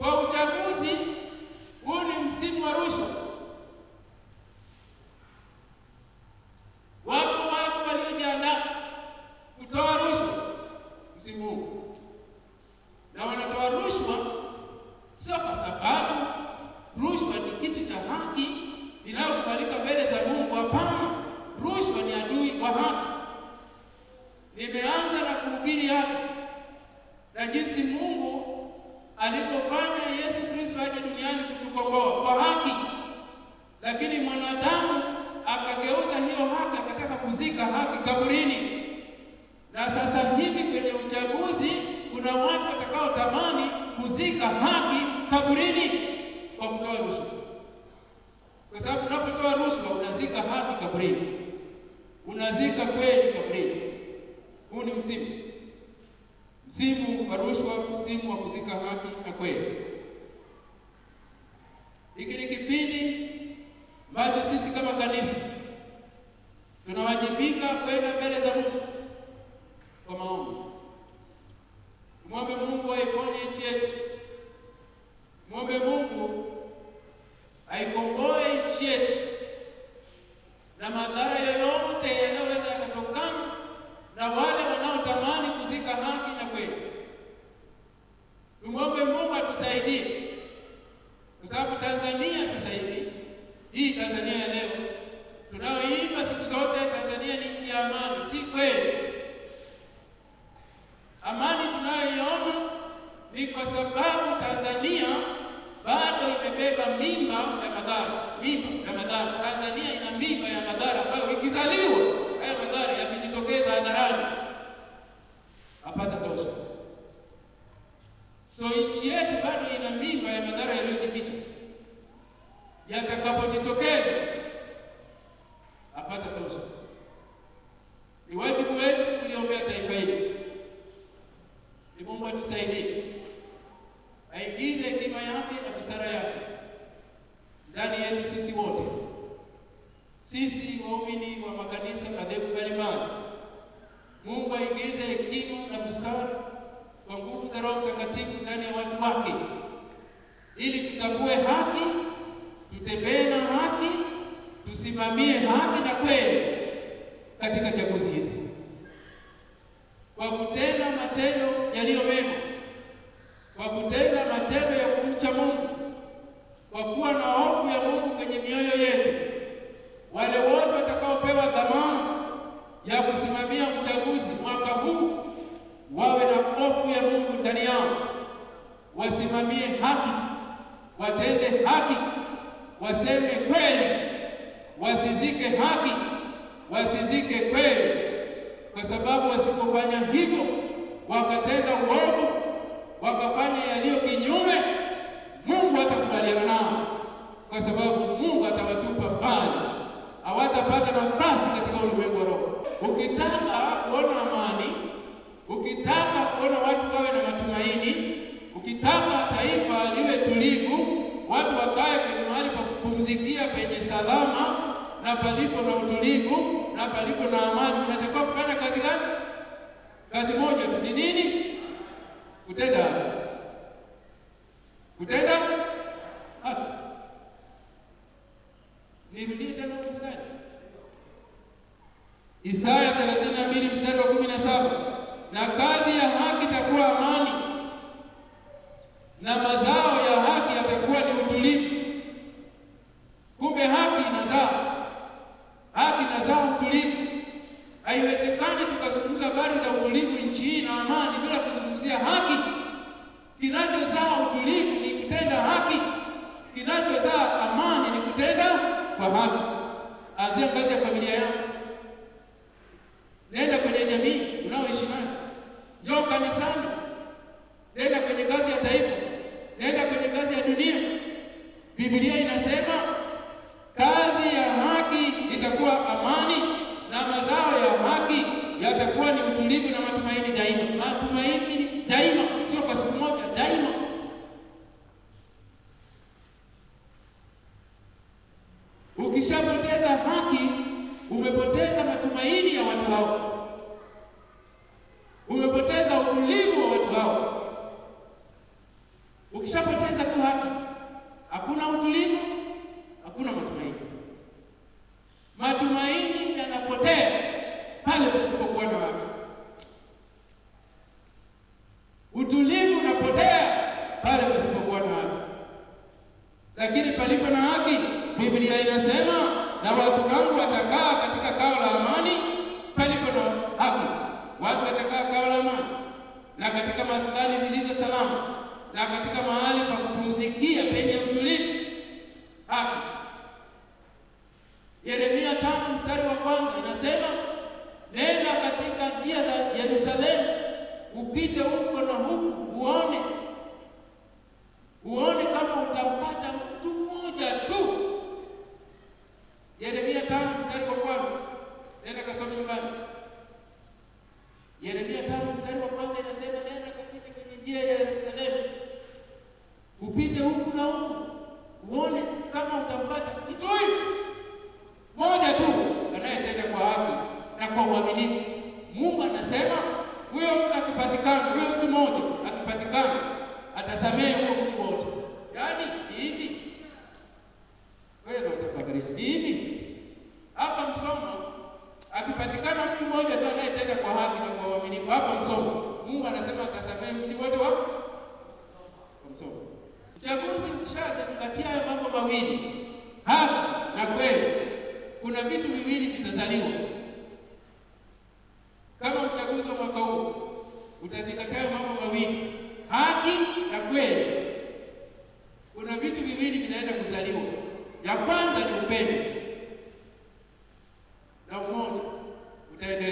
wa uchaguzi huu ni msimu wa rushwa. Wapo watu waliojiandaa kutoa rushwa msimu huu, na wanatoa rushwa sio kwa sababu rushwa ni kitu cha haki inayokubalika mbele za Mungu. Hapana, rushwa ni adui wa haki. Nimeanza na kuhubiri hapa na jinsi Mungu alipofanya Yesu Kristo aje duniani kutukomboa kwa haki, lakini mwanadamu akageuza hiyo haki, akataka kuzika haki kaburini. Na sasa hivi kwenye uchaguzi kuna watu watakaotamani kuzika haki kaburini kwa kutoa rushwa, kwa sababu unapotoa rushwa unazika haki kaburini. simu wa rushwa, msimu wa kuzika haki na kweli. Hiki ni kipindi ambacho sisi kama kanisa tunawajibika kwenda mbele za Mungu kwa maombi. Tumwombe Mungu aiponye nchi yetu, tumwombe Mungu aikomboe yatakapojitokeza apata tosha. Ni wajibu wetu kuliombea taifa hili, ni Mungu atusaidie aingize hekima yake na busara yake ndani yetu sisi wote, sisi waumini wa makanisa madhehebu mbalimbali. Mungu aingize hekima na busara kwa nguvu za Roho Mtakatifu ndani ya watu wake, ili tutambue haki tutembee na haki, tusimamie haki na kweli katika chaguzi hizi kwa kutenda matendo yaliyo mema, kwa kutenda matendo ya kumcha Mungu, kwa kuwa na hofu ya Mungu kwenye mioyo yetu. Wale wote watakaopewa dhamana ya kusimamia uchaguzi mwaka huu wawe na hofu ya Mungu ndani yao, wasimamie haki, watende haki waseme kweli, wasizike haki, wasizike kweli, kwa sababu wasipofanya hivyo, wakatenda uovu, wakafanya yaliyo kinyume, Mungu atakubaliana nao, kwa sababu Mungu atawatupa mbali, hawatapata nafasi katika ulimwengu wa roho. Ukitaka kuona amani, ukitaka kuona watu wawe na matumaini, ukitaka taifa liwe tulivu, watu wakae kwenye mahali pa kupumzikia penye salama na palipo na utulivu na palipo na amani. haki, umepoteza matumaini ya watu hao, umepoteza utulivu wa watu hao. Ukishapoteza tu haki, hakuna utulivu, hakuna matumaini. Matumaini yanapotea pale pasipokuwa na haki, utulivu unapotea pale pasipokuwa na haki, lakini palipo na haki Biblia inasema na watu wangu watakaa katika kao la amani palipo na haki. Watu watakaa kao la amani na katika maskani zilizo salama na katika mahali pa kupumzikia penye utulivu haki. Yeremia tano mstari wa kwanza inasema nenda katika njia za Yerusalemu, upite huko na huku uone ni mji wote wa Msoma. Uchaguzi ukishazingatia haya mambo mawili hapa na kweli, kuna vitu viwili vitazaliwa kama uchaguzi wa mwaka huu utazingatia mambo mawili, haki na kweli. Kuna vitu viwili vinaenda kuzaliwa, ya kwanza ni upendo na umoja utaendelea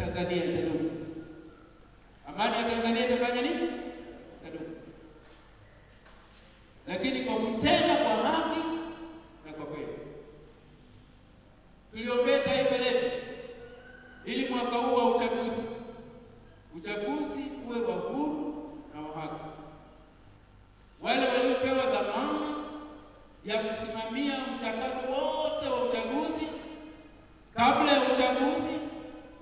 Tanzania itadumu. Amani ya Tanzania itafanya nini? Itadumu. Lakini kwa kutenda kwa haki na kwa kweli, tuliombea taifa letu ili mwaka huu wa uchaguzi, uchaguzi uwe wa huru na wa haki. Wale waliopewa dhamana ya kusimamia mchakato wote wa uchaguzi, kabla ya uchaguzi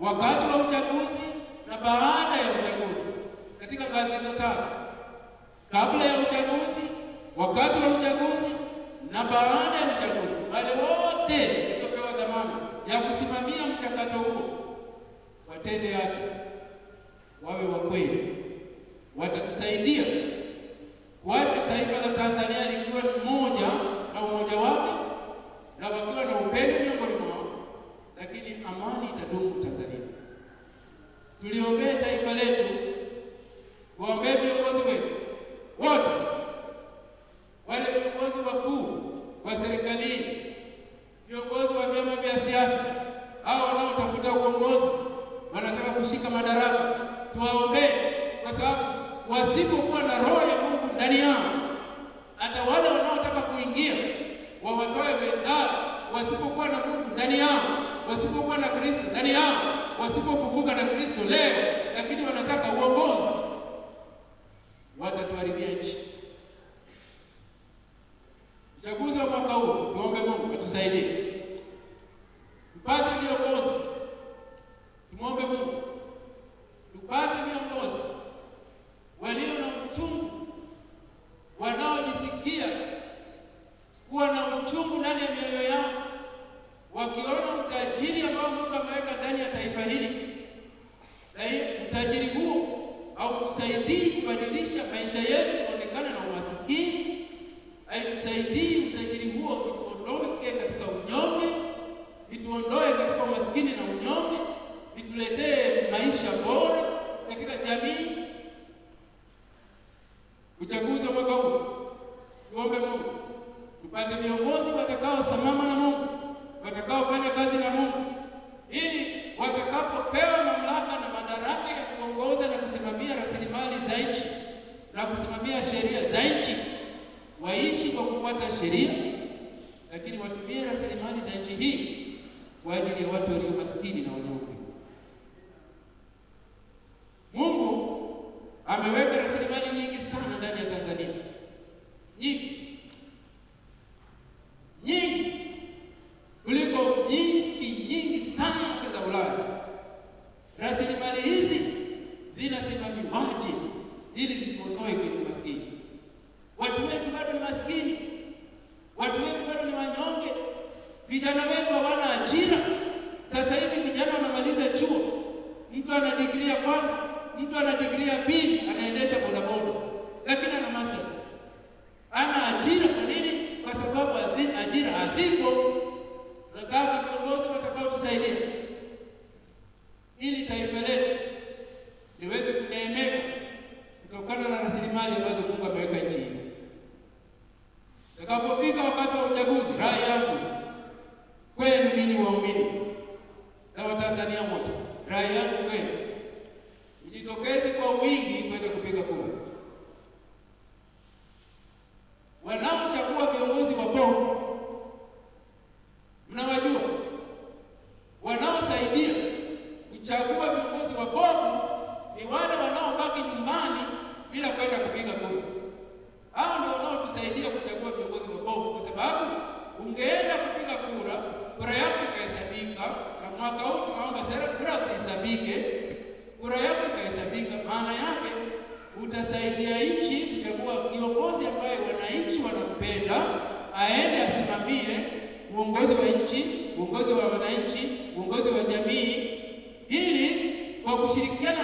wakati wa uchaguzi na baada ya uchaguzi, katika ngazi hizo tatu: kabla ya uchaguzi, wakati wa uchaguzi na baada ya uchaguzi. Wale wote waliopewa dhamana ya kusimamia mchakato huo watende yake, wawe wa kweli, watatusaidia kuacha taifa la Tanzania likiwa hao wanaotafuta uongozi wanataka kushika madaraka, tuwaombee, kwa sababu wasipokuwa na roho ya Mungu ndani yao, hata wale wanaotaka kuingia wawatoe wenzao. Wasipokuwa na Mungu ndani yao, wasipokuwa na Kristo ndani yao, wasipofufuka na Kristo leo, lakini wanataka uongozi, watatuharibia nchi. Uchaguzi wa mwaka huu, tuombe Mungu atusaidie. utajiri huo hautusaidii kubadilisha maisha yetu kuonekana na umasikini, haitusaidii utajiri huo ana degree ya kwanza, mtu ana degree ya pili, anaendesha bodaboda, lakini ana masters. Ana ajira. Kwa nini? Kwa sababu ajira hazipo. nataka viongozi watakaotusaidia ili taifa letu liweze kuneemeka kutokana na rasilimali ambazo Mungu ameweka hii Takapofika wakati wa uchaguzi, rai yangu kwenu ninyi waumini na Watanzania wote rai yangu kwenu, mjitokeze kwa wingi kwenda kupiga kura. Wanaochagua viongozi wabovu mnawajua, wanaosaidia kuchagua viongozi wabovu ni wale wanaobaki nyumbani bila kwenda kupiga kura. Hao ndio wanaotusaidia kuchagua viongozi wabovu, kwa sababu ungeenda kupiga kura, kura yako ikahesabika mwaka huu tunaomba kura zihesabike, kura yako ikahesabika. Maana yake utasaidia nchi kuchagua kiongozi ambaye wananchi wanampenda, aende asimamie uongozi wa nchi, uongozi wa wananchi, uongozi wa jamii, ili kwa kushirikiana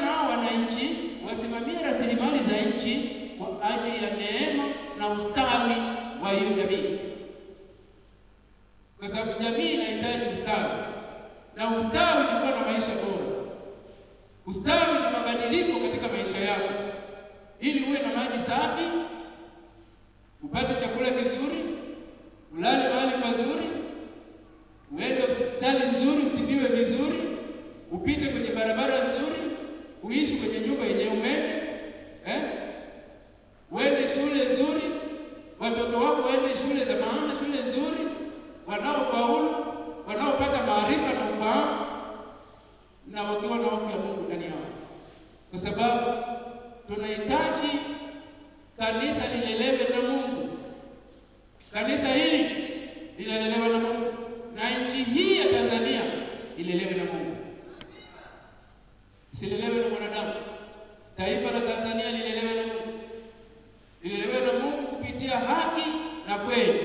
na hofu ya Mungu ndani yao, kwa sababu tunahitaji kanisa lilelewe na Mungu. Kanisa hili linalelewa na Mungu na nchi hii ya Tanzania ilelewe na Mungu, silelewe na mwanadamu. Taifa la Tanzania lilelewe na Mungu, lilelewe na Mungu kupitia haki na kweli.